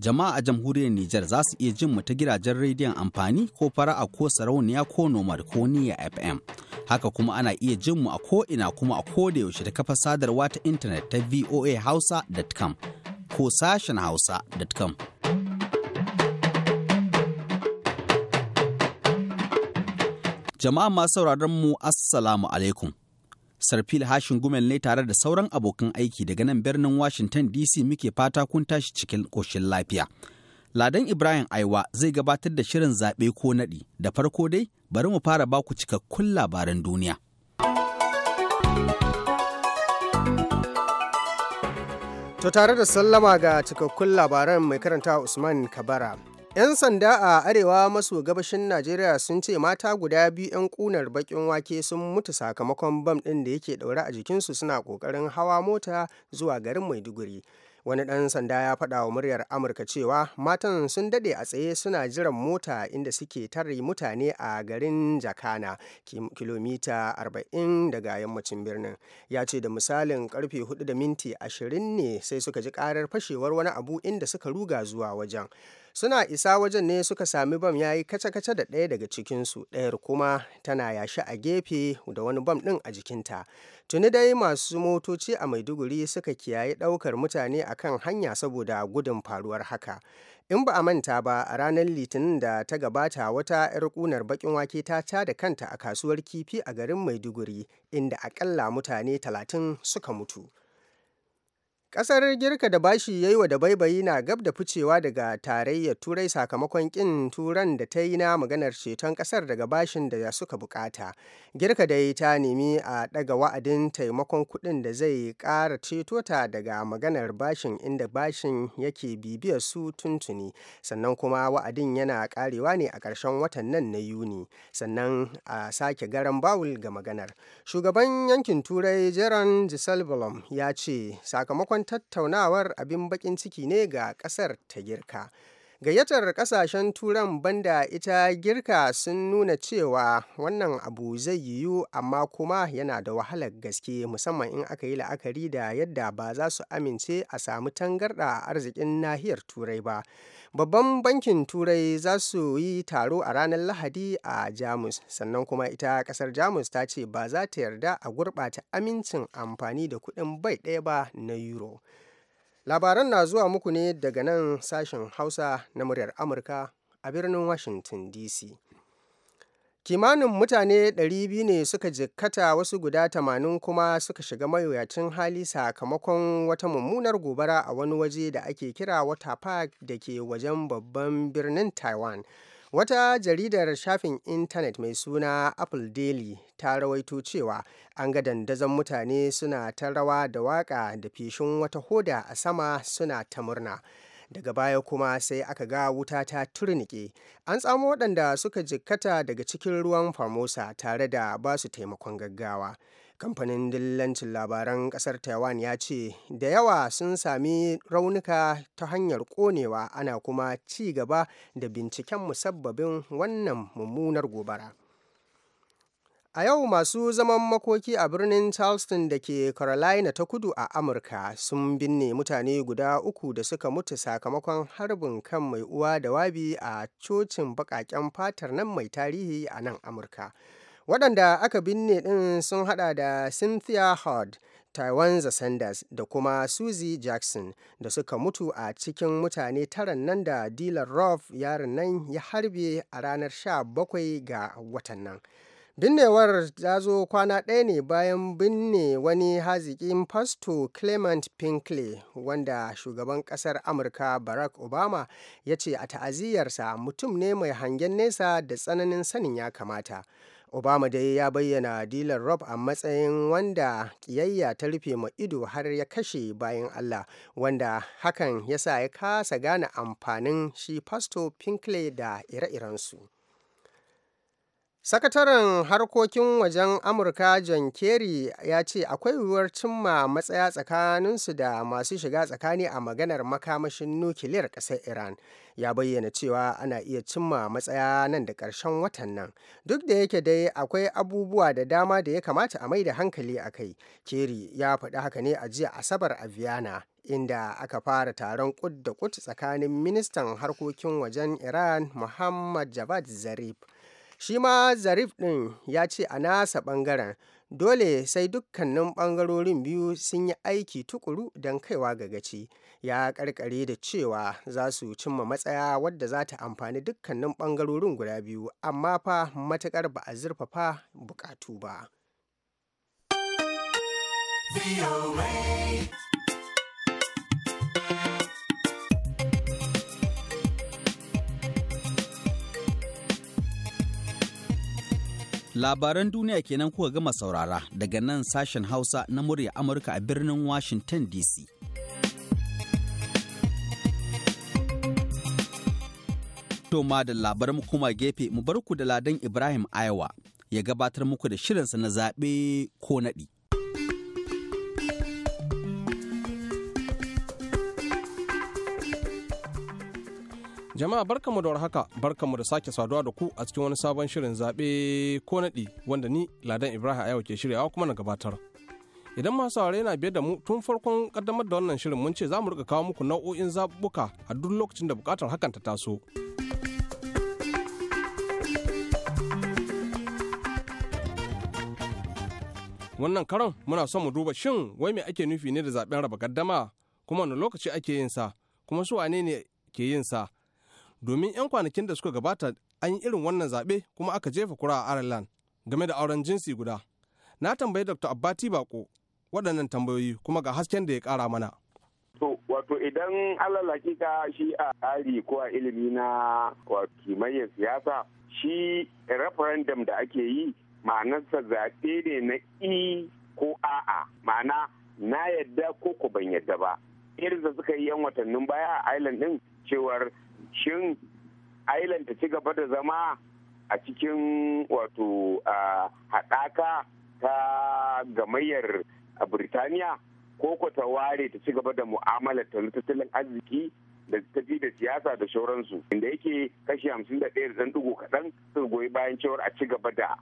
jama'a a jamhuriyar Nijar za su iya jin mu ta gidajen rediyon amfani ko fara'a ko sarauniya ko nomad ko niya FM. Haka kuma ana iya jin mu a ko'ina kuma a da yaushe ta kafa sadarwa ta intanet ta voahausa.com ko sashen hausa.com. Jama'a masu sauraron mu Assalamu alaikum. Sarfil Hashin Gumel ne tare da sauran abokan aiki daga nan birnin Washington DC muke fata kun tashi cikin koshin lafiya. Ladan Ibrahim Aiwa zai gabatar da shirin zaɓe ko naɗi da farko dai bari mu fara baku cikakkun labaran duniya. To tare da sallama ga cikakkun labaran mai karanta Usman Kabara. 'Yan sanda a Arewa maso gabashin Najeriya sun ce mata guda biyu 'yan kunar bakin wake sun mutu sakamakon bam ɗin da yake ɗaure a jikinsu suna ƙoƙarin hawa mota zuwa garin Maiduguri. wani ɗan sanda ya faɗa wa muryar amurka cewa matan sun daɗe a tsaye suna jiran mota inda suke tare mutane a garin jakana kilomita 40 daga yammacin birnin ya ce da misalin karfe 4 da minti 20 ne sai suka ji karar fashewar wani abu inda suka ruga zuwa wajen suna isa wajen ne suka sami bam ya yi kace-kace da ɗaya daga cikinsu ɗayar kuma tana yashi a gefe da wani bam ɗin a jikinta Tuni dai masu motoci a Maiduguri suka kiyaye ɗaukar mutane a kan hanya saboda gudun faruwar haka. In ba a manta ba a ranar Litinin da ta gabata wata 'yar kunar baƙin wake ta ta da kanta a kasuwar kifi a garin Maiduguri inda aƙalla mutane 30 suka mutu. Ƙasar Girka da bashi ya yi wa dabaibayi na gab da ficewa daga tarayyar Turai sakamakon ƙin Turan da ta yi na maganar ceton ƙasar daga bashin da ya suka bukata. Girka dai ta nemi a ɗaga wa'adin taimakon kuɗin da zai ƙara ceto ta daga maganar bashin inda bashin yake bibiya su tuntuni. Sannan kuma wa'adin yana ƙarewa ne a ƙarshen watan nan na Yuni. Sannan a sake garan bawul ga maganar. Shugaban yankin Turai Jeron Dijsselbloem ya ce sakamakon sabon tattaunawar abin bakin ciki ne ga ƙasar ta girka gayyatar kasashen turan banda ita girka sun nuna cewa wannan abu zai yiwu amma kuma yana da wahalar gaske musamman in aka yi la'akari da yadda ba za su amince a samu tangarɗa a arzikin nahiyar turai ba babban bankin turai za su yi taro a ranar lahadi a jamus sannan kuma ita kasar jamus ta ce ba za ta yarda a gurɓata amincin amfani da kuɗin bai ɗaya ba na euro labaran na zuwa muku ne daga nan sashen hausa na muryar amurka a birnin washington dc kimanin mutane 200 ne suka jikkata wasu guda 80 kuma suka shiga mayoyacin hali sakamakon wata mummunar gobara a wani waje da ake kira wata park da ke wajen babban birnin taiwan wata jaridar shafin intanet mai suna apple daily ta rawaito cewa an ga dandazon mutane suna ta rawa da waka da feshin wata hoda a sama suna ta murna daga baya kuma sai aka ga wuta ta turnike an tsamo waɗanda suka jikkata daga cikin ruwan famosa tare da ba su taimakon gaggawa kamfanin dillancin labaran ƙasar taiwan ya ce da yawa sun sami raunuka ta hanyar konewa ana kuma ci gaba da binciken musabbabin wannan mummunar gobara A yau masu zaman makoki a birnin Charleston da ke Carolina ta Kudu a Amurka sun binne mutane guda uku da suka mutu sakamakon harbin kan mai uwa da wabi a cocin bakaken fatar nan mai tarihi a nan Amurka. Waɗanda aka binne ɗin sun haɗa da Cynthia Hurd, Taiwan Sanders da kuma Susie Jackson da suka mutu a cikin mutane taran nan da Dylan Roth yaron nan ya harbe a ranar 17 ga watan nan. Binnewar ta zo kwana ɗaya ne bayan binne wani hazikin Fasto Clement Pinkley, wanda Shugaban ƙasar Amurka Barack Obama ya ce a ta'aziyyarsa mutum ne mai hangen nesa da tsananin sanin ya kamata. Obama dai ya bayyana dilar rob a matsayin wanda ƙiyayya ta rufe ma ido har ya kashe bayan Allah, wanda hakan ya sa ya kasa gane amfanin shi Fasto Pinkley da ire-irensu. Sakataren harkokin wajen Amurka John Kerry ya ce akwai yiwuwar cimma matsaya tsakaninsu da masu shiga tsakani a maganar makamashin nukiliyar ƙasar Iran. Ya bayyana cewa ana iya cimma matsaya nan da ƙarshen watan nan. Duk da yake dai akwai abubuwa da dama da ya kamata a mai da hankali a kai. Kerry ya faɗi haka ne a jiya Asabar a Vienna. inda aka fara taron kud da tsakanin ministan harkokin wajen iran muhammad javad zarif Shi ma Zarif ɗin ya ce a nasa ɓangaren, dole sai dukkanin ɓangarorin biyu sun yi aiki tuƙuru don kaiwa ga gaci, ya ƙarƙare da cewa za su cimma matsaya wadda za ta amfani dukkanin ɓangarorin guda biyu amma fa matuƙar ba a zurfafa buƙatu ba. Labaran duniya kenan kuka gama saurara daga nan sashen Hausa na murya Amurka a birnin Washington DC. To ma da labaran kuma gefe mu barku da ladan Ibrahim Ayawa ya gabatar muku da shirinsa na zaɓe ko naɗi. Jama'a barkamu da warhaka, barkamu da sake saduwa da ku a cikin wani sabon shirin zaɓe ko naɗi wanda ni Ladan Ibrahim yau ke shiryawa kuma na gabatar. Idan masu saurare yana biye da mu tun farkon kaddamar da wannan shirin mun ce za mu rika kawo muku nau'o'in zaɓuɓɓuka a duk lokacin da buƙatar hakan ta taso. Wannan karon muna son mu duba shin wai me ake nufi ne da zaɓen raba gaddama kuma wani lokaci ake yin sa kuma su wane ne ke yin sa domin 'yan kwanakin da suka gabata an yi irin wannan zaɓe kuma aka jefa kura a Ireland game da auren jinsi guda. Na tambayi Dr. Abbati Bako waɗannan tambayoyi kuma ga hasken da ya ƙara mana. To, wato idan alal hakika shi a tsari ko a ilimi na kimayyar siyasa shi referendum da ake yi ma'anarsa zaɓe ne na i ko a'a ma'ana na yadda ko ku ban yadda ba. Irin da suka yi 'yan watannin baya a Ireland ɗin cewar shin island ta ci gaba da zama a cikin wato haɗaka ta gamayyar birtaniya ko ko ta ware ta ci gaba da mu'amala ta tattalin arziki da tafi da siyasa da shauransu inda yake kashi hamsin da ɗaya da ɗan ɗigo kaɗan suka goyi bayan cewar a ci gaba da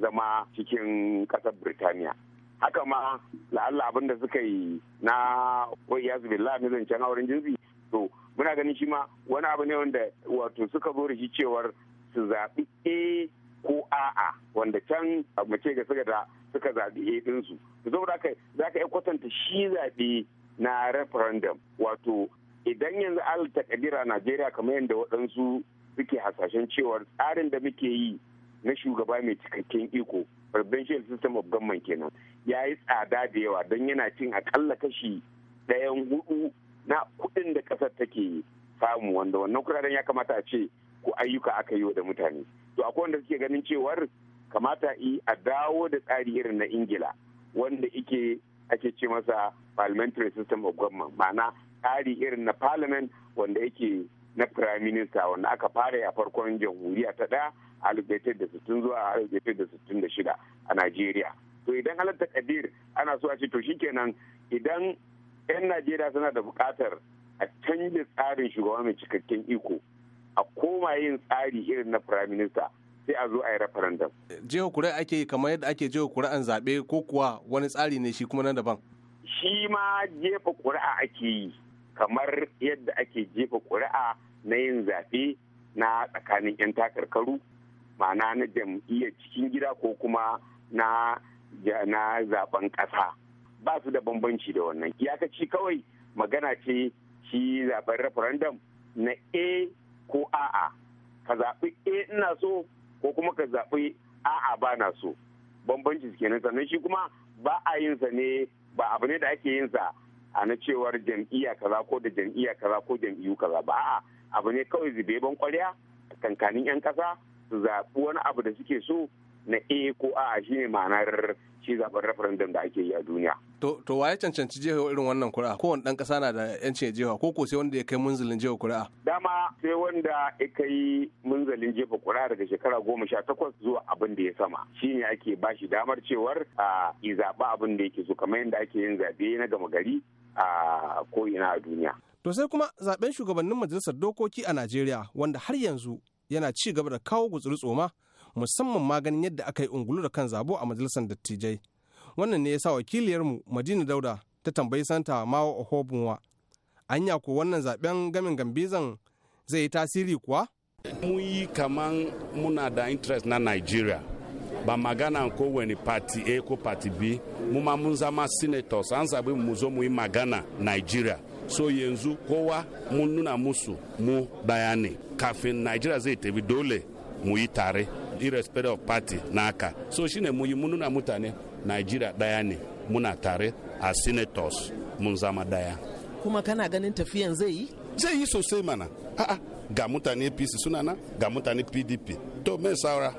zama cikin ƙasar birtaniya haka ma la'alla abin da suka yi na wai ya zubi zancen auren jinsi to muna ganin shi ma wani abu ne wanda wato suka zo da shi cewar su zaɓi a ko a'a wanda can mace ga suka da suka zaɓi a ɗinsu to saboda haka za ka iya kwatanta shi zaɓe na referendum wato idan yanzu al takadira najeriya kamar yadda waɗansu suke hasashen cewar tsarin da muke yi na shugaba mai cikakken iko presidential system of government kenan ya yi tsada da yawa don yana cin akalla kashi ɗayan hudu na kudin da kasar take samu wanda wannan kuɗaɗen ya kamata a ce ko ayyuka aka yi da mutane to akwai wanda suke ganin cewar kamata yi a dawo da tsari irin na ingila wanda ike ake ce masa parliamentary system of government ma'ana tsari irin na parliament wanda yake na prime minister wanda aka fara ya farkon jamhuriya ta ɗaya a sittin zuwa da da sittin shida a nigeria to idan halatta kadir ana so a ce to shikenan idan 'yan najeriya suna da buƙatar a canza tsarin shugaba mai cikakken iko a koma yin tsari irin na firaminista sai a zo a yi referendum. jiho kuri'a ake kamar yadda ake jiha an zaɓe ko kuwa wani tsari ne shi kuma na daban shi ma jefa kuri'a ake yi kamar yadda ake jefa kuri'a na yin zaɓe na tsakanin 'yan takarkaru ma'ana na jam'iyyar cikin gida ko kuma na zaben ƙasa ba su da bambanci da wannan iyakaci kawai magana ce shi zaben referendum na a ko a'a ka zaɓi a ina so ko kuma ka zaɓi a'a ba na so bambanci suke nan sannan shi kuma ba a yin sa ne ba abu ne da ake yin sa a na cewar jam'iyya kaza ko da jam'iyya kaza ko jam'iyyu kaza ba a'a abu ne kawai zube ban kwarya kankanin yan kasa su zaɓi wani abu da suke so na a ko a'a shine ma'anar Ci zaben referendum da ake yi a duniya. To waye cancanci jihar irin wannan kuri'a kowane dan kasa na da yancin jiha jefa ko ko sai wanda ya kai munzalin jefa kuri'a. Dama sai wanda ya kai munzalin jefa kuri'a daga shekara goma sha takwas zuwa abin da ya sama Shi ne ake bashi damar cewar a zaɓa abin da yake so kamar yadda ake yin zaɓe na gama gari a ko ina a duniya. To sai kuma zaɓen shugabannin majalisar dokoki a Najeriya wanda har yanzu yana ci gaba da kawo gutsuri tsoma musamman maganin yadda aka yi ungulu da kan zabo a majalisar dattijai wannan ne ya sa wakiliyarmu madina dauda ta tambayi santa mawa ohobunwa anya ko wannan zaben gamin gambizan zai yi tasiri kuwa mun yi kaman muna da interest na nigeria ba magana ko wani party a ko party b mu ma mun zama senators an zabi mu zo mu yi magana nigeria so yanzu kowa mun nuna musu mu daya kafin nigeria zai tafi dole mu yi tare irrespective of party naka so shine mu yi nuna mutane nigeria daya ne muna tare a senators mun zama daya kuma kana ganin tafiyan zai yi zai yi sosai mana a'a ga mutane apc suna na ga mutane pdp to me saura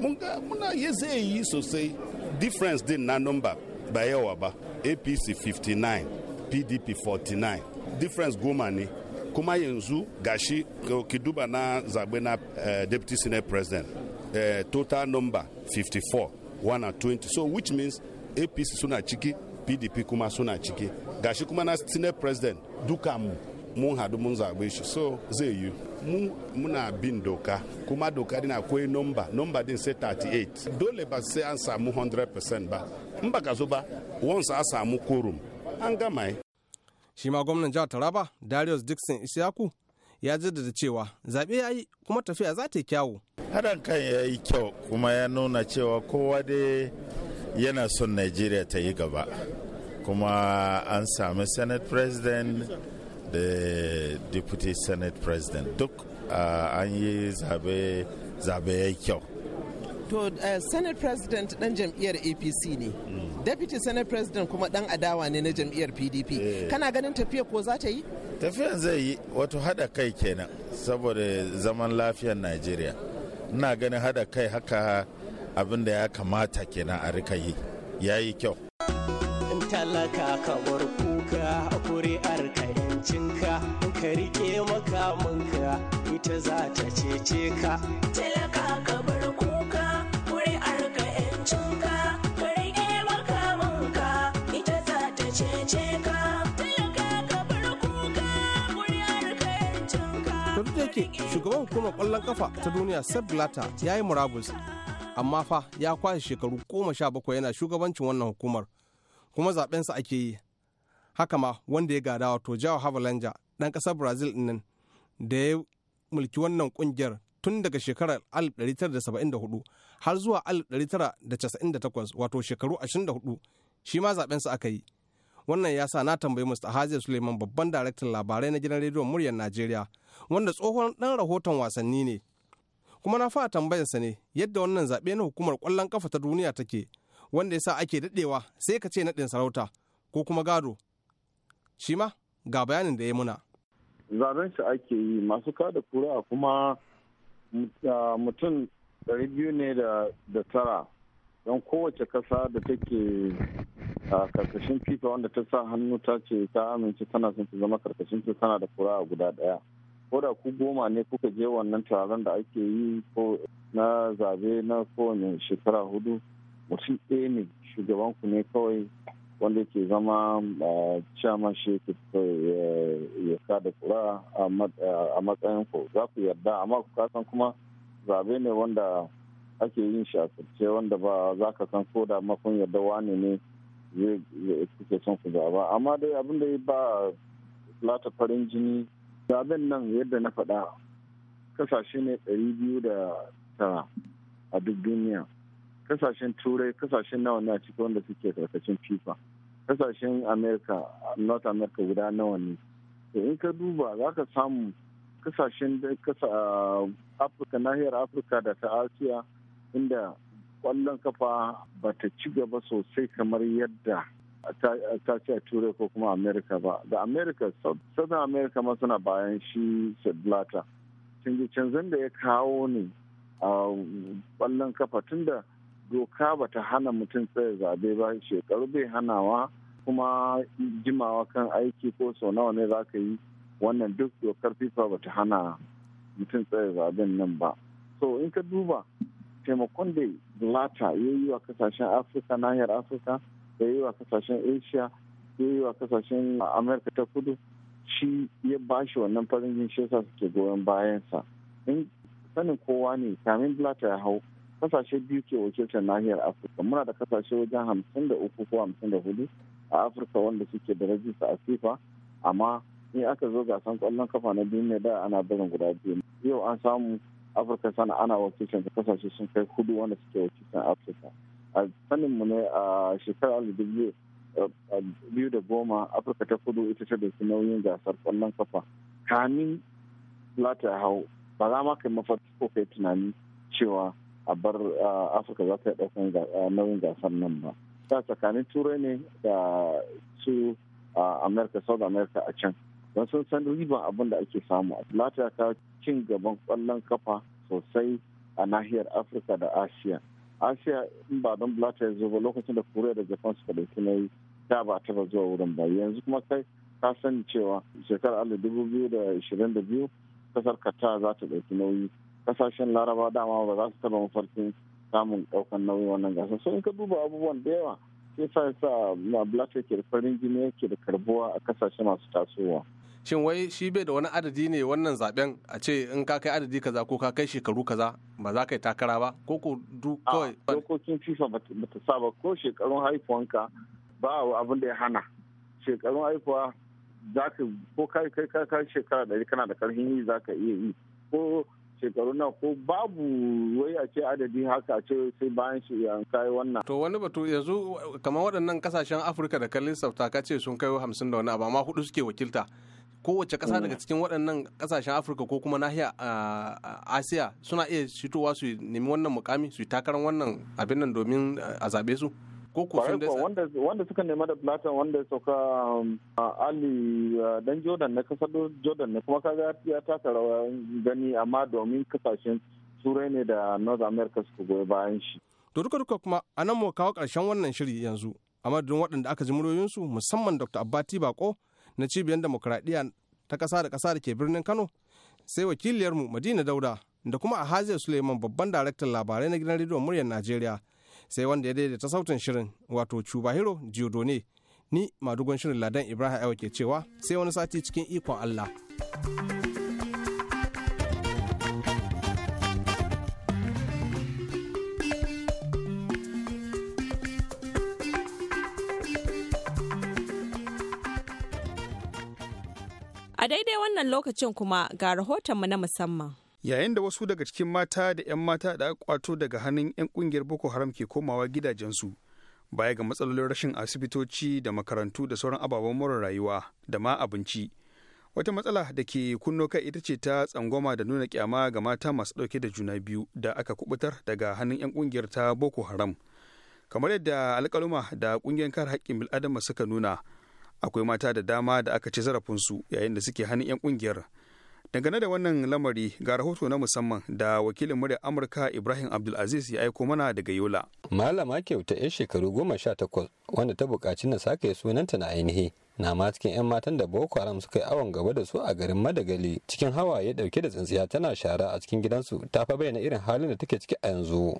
muna ya zai yi sosai difference din na number ba yawa ba apc 59 pdp 49 difference goma ne kuma yanzu gashi eh, ki duba na zagbe na uh, deputy senate president uh, total number 54 120 so which means apc suna ciki pdp kuma suna ciki gashi kuma na senate president duka mu mun hadu mu zaɓe shi so zai yi mu na bin doka kuma doka din akwai nomba nomba din sai 38 dole ba sai an samu 100% ba mba ba ba once a samu korum an gama shi ma gwamnan jihar taraba darius dixon isiyaku ya jaddada cewa zaɓe ya yi kuma tafiya za ta yi kyawu. Haɗin kan ya yi kyau kuma ya nuna cewa kowa dai yana son Najeriya ta yi gaba. Kuma an sami Senate President da Deputy Senate President duk ah, an yi zaɓe ya yi kyau. to eh, senate president dan jam'iyyar apc ne deputy senate president kuma dan adawa ne na jam'iyyar pdp eh. kana ganin tafiya ko za ta yi tafiyan zai yi wato hada kai kenan saboda zaman lafiyar najeriya ina ganin hada kai haka abin da ya kamata kenan a rika yi ya yi kyau talaka kamar kuka kuri'ar kayancinka ka rike makamanka ita za ta cece ka talaka shugaban hukumar kwallon kafa ta duniya Sepp Blatter ya yi murabus amma fa ya kwashe shekaru goma sha bakwai yana shugabancin wannan hukumar kuma zaɓensa ake yi haka ma wanda ya gada wato jawo havalanja ɗan ƙasar brazil nan da ya mulki wannan ƙungiyar tun daga shekarar 1974 har zuwa 1998 wato shekaru 24 shi ma zaɓensa aka yi wannan ya sa na tambayi Mr. Suleiman babban daraktan labarai na gidan rediyon muryar Najeriya wanda tsohon dan rahoton wasanni ne kuma na fara tambayarsa ne yadda wannan zaɓe na hukumar ƙwallon ƙafa ta duniya take wanda ya sa ake daɗewa sai ka ce naɗin sarauta ko kuma gado shi ma ga bayanin da ya muna zaben shi ake yi masu kada kura kuma ah, mutum ɗari biyu ne da tara don kowace ƙasa da take a karkashin fifa wanda ta sa hannu ta ce ta amince tana son ta zama karkashin fifa tana da kura guda ɗaya ko da ku goma ne kuka je wannan taron da ake yi ko na zabe na kowane shekara hudu mutum ɗaya ne shugaban ku ne kawai wanda ke zama cama shi ya kada kura a matsayin ku za ku yarda amma ku kasan kuma zabe ne wanda ake yin shi a wanda ba za ka san ko da makon yadda wani ne zai suke son ku zaba amma dai abin da ya ba lata farin jini zaben nan yadda na faɗa kasashe ne ɗari biyu da tara a duk duniya kasashen turai kasashen nawa ne a ciki wanda suke karkashin fifa kasashen america north america guda nawa ne to in ka duba za ka samu kasashen da kasa ah, afirka nahiyar afirka da ta asiya inda kwallon kafa ba ta ci gaba sosai kamar yadda ta ce a turai ko kuma amerika ba da amerika southern america ma suna bayan shi sedlata canje canzan da ya kawo ne a ah, kwallon kafa tunda doka ba ta hana mutum tsaye zabe ba shekaru bai hanawa kuma jimawa kan aiki ko sau nawa ne za ka yi wannan duk dokar fifa bata hana mutum tsaye zaben nan ba so in ka duba taimakon da zlata ya yi wa kasashen afirka nahiyar afirka da ya yi wa kasashen asia ya yi wa kasashen amurka ta kudu shi ya ba shi wannan farin jin shi yasa suke goyon bayansa in sanin kowa ne kamin zlata ya hau kasashe biyu ke wakiltar nahiyar afirka muna da kasashe wajen hamsin da uku ko hamsin da hudu a afirka wanda suke da rajista a fifa amma in aka zo gasan kwallon kafa na duniya da ana barin guda biyu yau an samu afirka sana ana wakilcin da kasashe sun kai hudu wanda suke wakilcin afirka a sanin mu ne a shekarar biyu da goma afirka ta kudu ita ce da dauki nauyin gasar kwallon kafa kamin plata hau ba za ma kai mafarki ko kai tunani cewa a bar afirka za ta yi daukan nauyin gasar nan ba ta tsakanin turai ne da su america south america a can don sun san riban abin da ake samu a plata ta cin gaban kwallon kafa sosai a nahiyar afirka da asiya asiya in ba don blatter ya zo ba lokacin da koriya da japan suka ɗauki nauyi da ba taba zuwa wurin ba yanzu kuma kai ka sani cewa shekarar alif dubu biyu da ishirin da biyu kasar kata za ta dauki nauyi kasashen laraba dama ba za su taba mafarkin samun ɗaukan nauyi wannan gasa so ka duba abubuwan da yawa sai sa sa blatter ke da farin jini yake da karbuwa a kasashe masu tasowa shin wai shi bai da wani adadi ne wannan zaben a ce in ka kai adadi kaza ko ka kai shekaru kaza ba za ka yi takara ba ko ko du kawai dokokin fifa ba ta saba ko shekarun haifuwanka ba abin da ya hana shekarun haifuwa za ka ko kai kai kai shekara da kana da karfin yi za ka iya yi ko shekaru na ko babu wai a ce adadi haka a ce sai bayan shi ya kai wannan. To wani batu yanzu kamar waɗannan kasashen Afirka da kan lissafta ka ce sun kai hamsin da wani abu amma hudu suke wakilta. kowace ƙasa daga mm. cikin waɗannan ƙasashen afirka ko kuma nahiyar asiya suna iya shitowa su nemi wannan mukami su yi takarar wannan abin nan domin a zaɓe su ko ko sun wanda suka nema da platon wanda ya sauka um, ali dan jordan na kasar jordan ne kuma kaga ya taka rawa gani amma domin kasashen turai ne da north america suka goyi bayan shi to duka duka kuma anan mu kawo karshen wannan shiri yanzu a madadin waɗanda aka ji muryoyinsu musamman dr abbati bako na cibiyar demokuraɗiyya ta ƙasa da ƙasa da ke birnin kano sai wakiliyarmu madina dauda da kuma a suleiman babban daraktan labarai na gidan rediyon muryar najeriya sai wanda ya daidaita sautin shirin wato cubahiro ne ni madugon shirin ladan ibrahim ke cewa sai wani sati cikin ikon allah A daidai wannan lokacin kuma ga rahoton mu na musamman. Yayin da wasu daga cikin mata da 'yan mata da aka kwato daga hannun 'yan kungiyar Boko Haram ke komawa gidajensu, baya ga matsalolin rashin asibitoci da makarantu da sauran ababen more rayuwa da ma abinci. Wata matsala da ke kunno kai ita ce ta tsangwama da nuna kyama ga mata masu ɗauke da juna biyu da aka kubutar daga hannun 'yan kungiyar ta Boko Haram. Kamar yadda alƙaluma da ƙungiyar kare haƙƙin bil'adama suka nuna, akwai mata da dama da aka ci zarafinsu yayin da suke hannun 'yan kungiyar dangane da wannan lamari ga rahoto na musamman da wakilin murya amurka ibrahim abdulaziz ya aiko mana daga yola malama kyauta 'yan shekaru goma sha takwas wanda ta bukaci na sake sunanta na ainihi na ma cikin 'yan matan da boko haram suka yi awon gaba da su a garin madagali cikin hawaye dauke da tsintsiya tana shara a cikin gidansu ta fa bayyana irin halin da take ciki a yanzu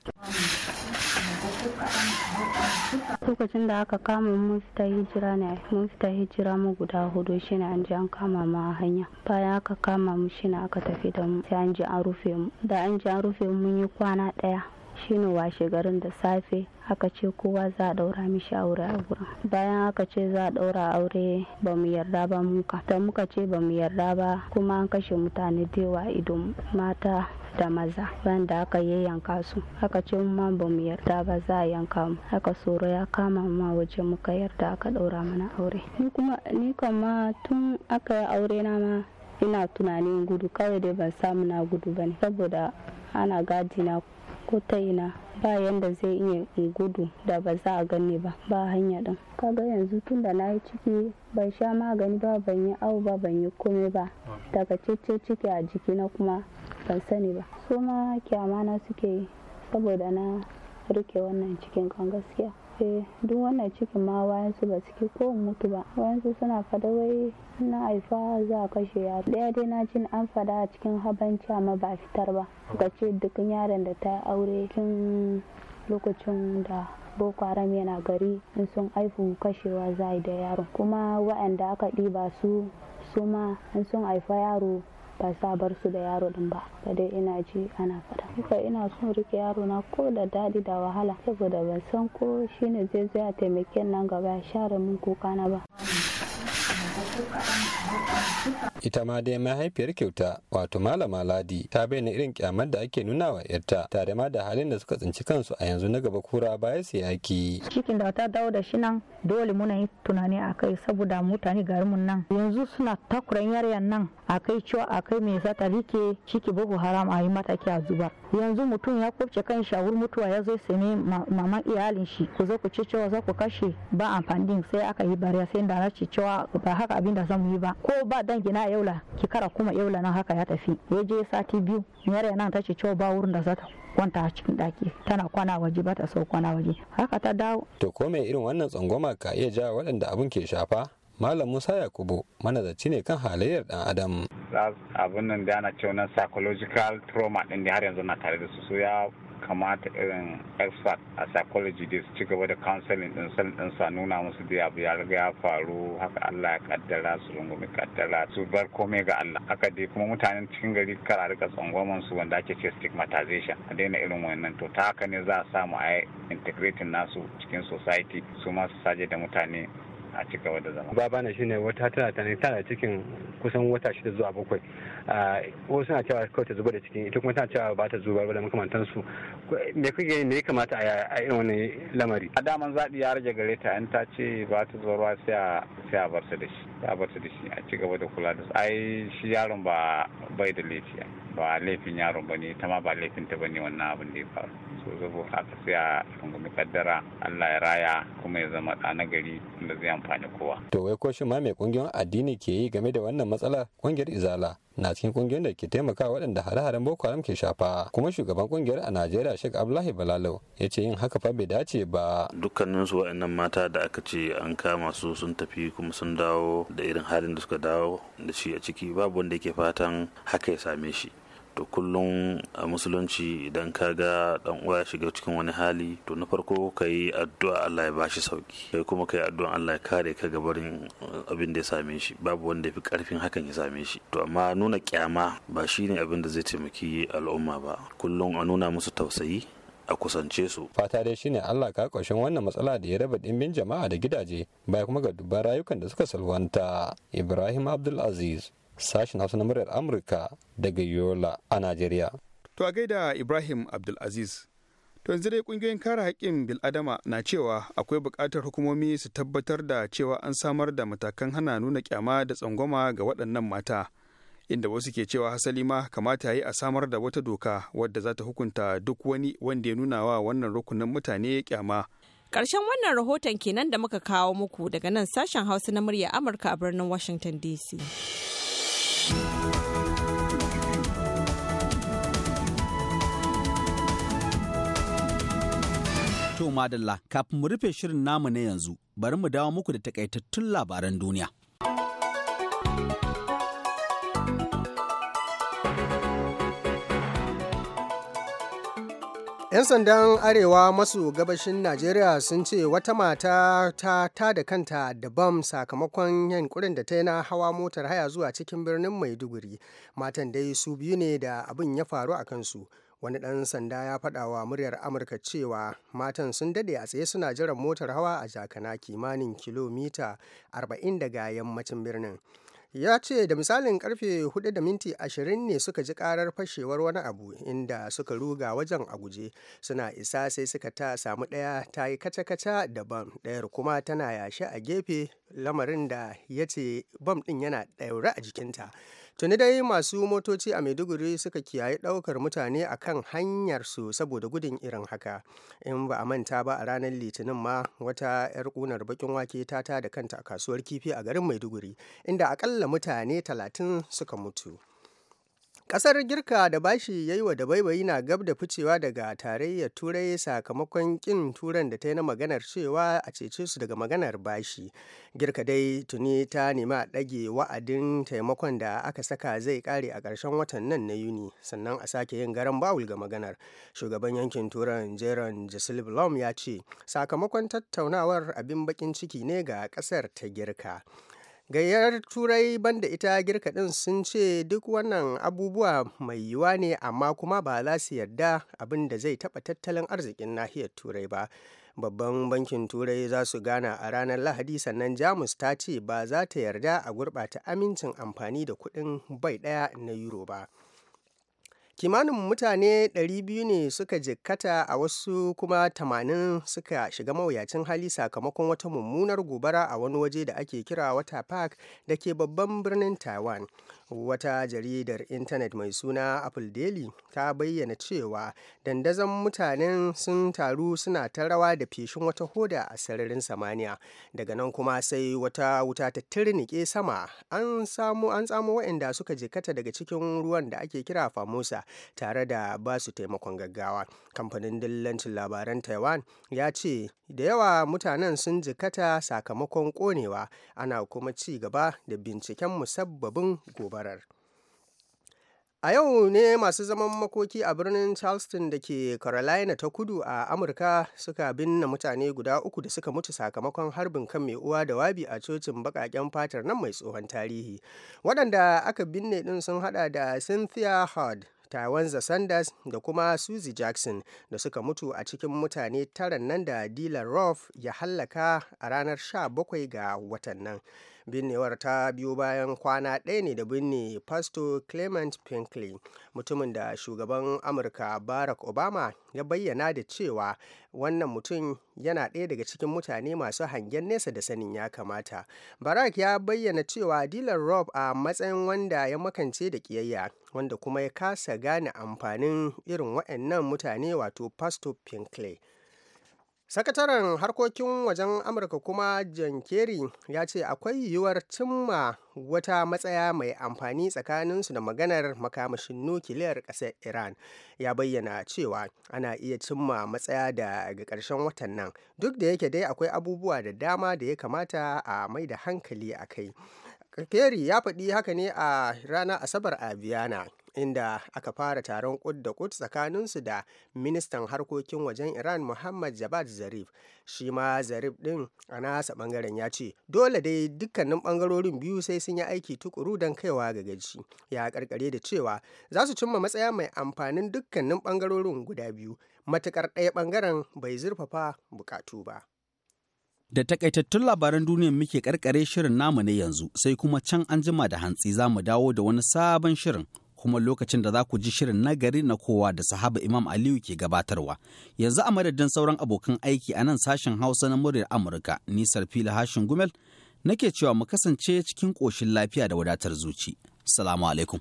lokacin da aka kama mun fita hijira ne mun fita hijira mu guda hudu shi ne an ji an kama mu a hanya bayan aka kama mu shi ne aka tafi da mu sai an ji an rufe mu da an ji an rufe mu mun yi kwana daya shine washe garin da safe aka ce kowa za a daura mishi aure a gurin bayan aka ce za a daura aure ba mu yarda ba muka da muka ce ba mu yarda ba kuma an kashe mutane dewa idon mata da maza wanda aka yi yanka su aka ce ma ba mu yarda ba za a yanka mu aka tsoro ya kama ma waje muka yarda aka ɗaura mana aure ni kuma ni kama tun aka yi aure na ma ina tunanin gudu kawai dai ban samu na gudu ba ne saboda ana gadi na ko ta ina ba yanda zai iya gudu da ba za a gani ba ba hanya din kaga yanzu tun da na yi ciki ban sha magani ba ban yi awu ba ban yi komai ba daga cece ciki a jiki na kuma ban sani ba su ma kyamana suke saboda na rike wannan cikin kan gaskiya eh duk wannan cikin ma wayansu ba suke ko mutu ba wayansu suna fada wai na haifa za a kashe yaro daya dai na jin an fada a cikin habanci amma ba a fitar ba ga ce dukkan yaron da ta aure kin lokacin da boko haram yana gari in sun haifu kashewa za a yi da yaro kuma waɗanda aka ɗiba su su ma in sun haifa yaro ba sa bar su da yaro din ba ba dai ina ji ana faɗa kuka ina son rike yaro na ko da daɗi da wahala saboda ban san ko shine zai zai taimake nan gaba ya share min kuka na ba ita ma dai mahaifiyar kyauta wato malama ladi ta bayyana irin kyamar da ake nuna wa yarta tare ma da halin da suka tsinci kansu a yanzu na gaba kura baya sai yaki cikin da ta dawo da shi nan dole muna yi tunani a kai saboda mutane garinmu nan yanzu suna takuran yaryan nan a kai cewa a kai mai zata rike ciki boko haram a yi mataki a zuba yanzu mutum ya kubce kan shawur mutuwa ya zai sami maman iyalin shi ku zo ku ce cewa za ku kashe ba amfani sai aka yi bariya sai da na ce cewa ba haka abin da zamu yi ba ko ba dangi na yaula ki kara kuma yaula nan haka ya tafi ya je sati biyu yare nan ta ce cewa ba wurin da za ta kwanta a cikin daki tana kwana waje ba ta so kwana waje haka ta dawo to ko mai irin wannan tsangwama ka iya ja waɗanda abin ke shafa Malam Musa Yakubu manazarci ne kan halayyar dan Adam. Abin nan da ana cewa psychological trauma din da har yanzu na tare da su so ya kamata irin expert a psychology da su ci gaba da counseling din san din sa nuna musu da abu ya riga ya faru haka Allah ya kaddara su rungumi kaddara su bar komai ga Allah haka dai kuma mutanen cikin gari kara rika tsangwaman su wanda ake ce stigmatization a daina irin wannan to ta haka ne za a samu a integrating nasu cikin society su ma saje da mutane a cika wadda zama. Babana shi ne wata tana ta tana cikin kusan wata shida zuwa bakwai. Wasu na cewa kawai ta zuba da cikin ita kuma tana cewa ba ta zuba da makamantansu. Me kuke ne ya kamata a yi wani lamari? A daman zaɓi ya rage gare ta in ta ce ba ta ruwa sai a bar da shi. bar da shi a ci gaba da kula da su. Ai shi yaron ba bai da laifi ba laifin yaron ba ne ta ma ba laifin ta ba ne wannan abin da ya faru. so saboda haka sai a kaddara Allah ya raya kuma ya zama a na gari da zai amfani kowa. To wai ko shi ma mai kungiyoyin addini ke yi game da wannan matsala kungiyar Izala na cikin kungiyoyin da ke taimaka waɗanda hare-haren Boko Haram ke shafa kuma shugaban kungiyar a Najeriya Sheikh Abdullahi balalau ya ce yin haka fa bai dace ba. Dukkanin su waɗannan mata da aka ce an kama su sun tafi kuma sun dawo da irin halin da suka dawo da shi a ciki babu wanda yake fatan haka ya same shi. to kullum a musulunci idan ka ga dan uwa ya shiga cikin wani hali to na farko ka yi addu'a Allah ya bashi sauki kai kuma ka yi addu'a Allah ya kare ka ga barin uh, abin da ya same shi babu wanda yafi karfin hakan ya same shi to amma nuna kyama ba shine abin da zai taimaki al'umma ba kullum a nuna musu tausayi a kusance su. Fata dai shine Allah ka ƙoshin wannan matsala da ya raba ɗimbin jama'a da gidaje baya kuma ga dubban rayukan da suka salwanta. Ibrahim Abdulaziz, sashen hausa na muryar amurka daga yola a najeriya to a gaida ibrahim abdulaziz to yanzu dai kungiyoyin kare haƙƙin biladama na cewa akwai buƙatar hukumomi su tabbatar da cewa an samar da matakan hana nuna kyama da tsangwama ga waɗannan mata inda wasu ke cewa hasali ma kamata yi a samar da wata doka wadda za ta hukunta duk wani wanda ya nuna wa wannan rukunin mutane kyama ƙarshen wannan rahoton kenan da muka kawo muku daga nan sashen hausa na murya amurka a birnin washington dc To madalla kafin mu rufe shirin namu na yanzu bari mu dawo muku da takaitattun labaran duniya. 'Yan sandan Arewa masu gabashin Najeriya sun ce wata mata ta ta da kanta da bam sakamakon yankurin da ta yi na hawa motar haya zuwa cikin birnin Maiduguri. Matan dai su biyu ne da abin ya faru a kansu. Wani ɗan sanda ya faɗa wa muryar Amurka cewa matan sun dade a tsaye suna jiran motar hawa a jakana kimanin kilomita 40 daga yammacin birnin. ya ce da misalin karfe 4 da minti 20 ne suka ji karar fashewar wani abu inda suka ruga wajen a guje suna isa sai suka ta samu ɗaya ta yi kaca-kaca da bam ɗayar kuma tana yashe a gefe lamarin da ya ce bam ɗin yana ɗaure a jikinta tuni dai masu motoci a maiduguri suka kiyaye ɗaukar mutane a kan hanyarsu saboda gudun irin haka in ba a manta ba a ranar litinin ma wata 'yar kunar bakin wake ta tada kanta a kasuwar kifi a garin maiduguri inda akalla mutane 30 suka mutu Ƙasar Girka da bashi ya yi wa dabaibayi na gab da ficewa daga tarayyar Turai sakamakon ƙin Turan da ta yi na maganar cewa a cece su daga maganar bashi. Girka dai tuni ta nemi a ɗage wa'adin taimakon da aka saka zai ƙare a ƙarshen watan nan na Yuni sannan a sake yin garan bawul ga maganar. Shugaban yankin Turan Jeron Blom ya ce sakamakon tattaunawar abin bakin ciki ne ga ƙasar ta Girka. gayyar turai banda ita girka din sun ce duk wannan abubuwa mai yiwa ne amma kuma ba za su yarda abin da zai taba tattalin arzikin nahiyar turai ba babban bankin turai za su gana a ranar lahadi sannan jamus ta ce ba za ta yarda a gurɓata amincin amfani da kuɗin bai ɗaya na euro ba kimanin mutane 200 ne suka jikkata a wasu kuma 80 suka shiga mawuyacin hali sakamakon wata mummunar gobara a wani waje da ake kira wata park da ke babban birnin taiwan wata jaridar intanet mai suna apple daily ta bayyana cewa dandazon mutanen sun taru suna ta rawa da feshin wata hoda a sararin samaniya daga nan kuma sai wata wuta ta tirnike sama an samu an tsamo waɗanda suka jikkata daga cikin ruwan da ake kira famosa tare da ba su taimakon gaggawa kamfanin dillancin labaran taiwan ya ce da yawa mutanen sun jikata sakamakon konewa ana kuma ci gaba da binciken musabbabin gobarar A yau ne masu zaman makoki a birnin Charleston da ke Carolina ta kudu a Amurka suka binne mutane guda uku da suka mutu sakamakon harbin kan mai uwa da wabi a cocin bakaken fatar nan mai tsohon tarihi. Waɗanda aka binne ɗin sun hada da Cynthia Hard Tawanza Sanders da kuma Susie Jackson da suka mutu a cikin mutane taran nan da Dylan roth ya hallaka a ranar 17 ga watan nan. binnewar ta biyo bayan kwana ɗaya ne da binne pastor clement pinkley mutumin da shugaban amurka barack obama ya bayyana da cewa wannan mutum yana ɗaya daga cikin mutane masu hangen nesa da sanin ya kamata barack ya bayyana cewa dilan rob a matsayin wanda ya makance da ƙiyayya wanda kuma ya kasa gane amfanin irin waɗannan mutane wato pastor pinkley sakataren harkokin wajen amurka kuma john kerry ya ce akwai yiwuwar cimma wata matsaya mai amfani tsakaninsu da maganar makamashin nukiliyar ƙasar iran ya bayyana cewa ana iya cimma matsaya daga ƙarshen watan nan duk da yake dai akwai abubuwa da dama da ya kamata a mai da hankali a kai kerry ya faɗi haka ne a ranar asabar a biyana inda aka fara taron kud da kud tsakaninsu da ministan harkokin wajen iran muhammad jabad zarif shi ma zarif din a nasa bangaren ya ce dole dai dukkanin bangarorin biyu sai sun yi aiki tukuru don kaiwa ga gaji ya karkare da cewa za su cimma matsaya mai amfanin dukkanin bangarorin guda biyu matukar ɗaya bangaren bai zurfafa bukatu ba Da takaitattun labaran duniya muke karkare shirin namu ne yanzu sai kuma can an jima da hantsi za mu dawo da wani sabon shirin kuma lokacin da za ku ji shirin nagari na kowa da sahaba Imam Aliyu ke gabatarwa. Yanzu a madadin sauran abokan aiki a nan sashen Hausa na muryar Amurka, nisar fili hashin gumel, nake cewa mu kasance cikin ƙoshin lafiya da wadatar zuci. Salamu alaikum.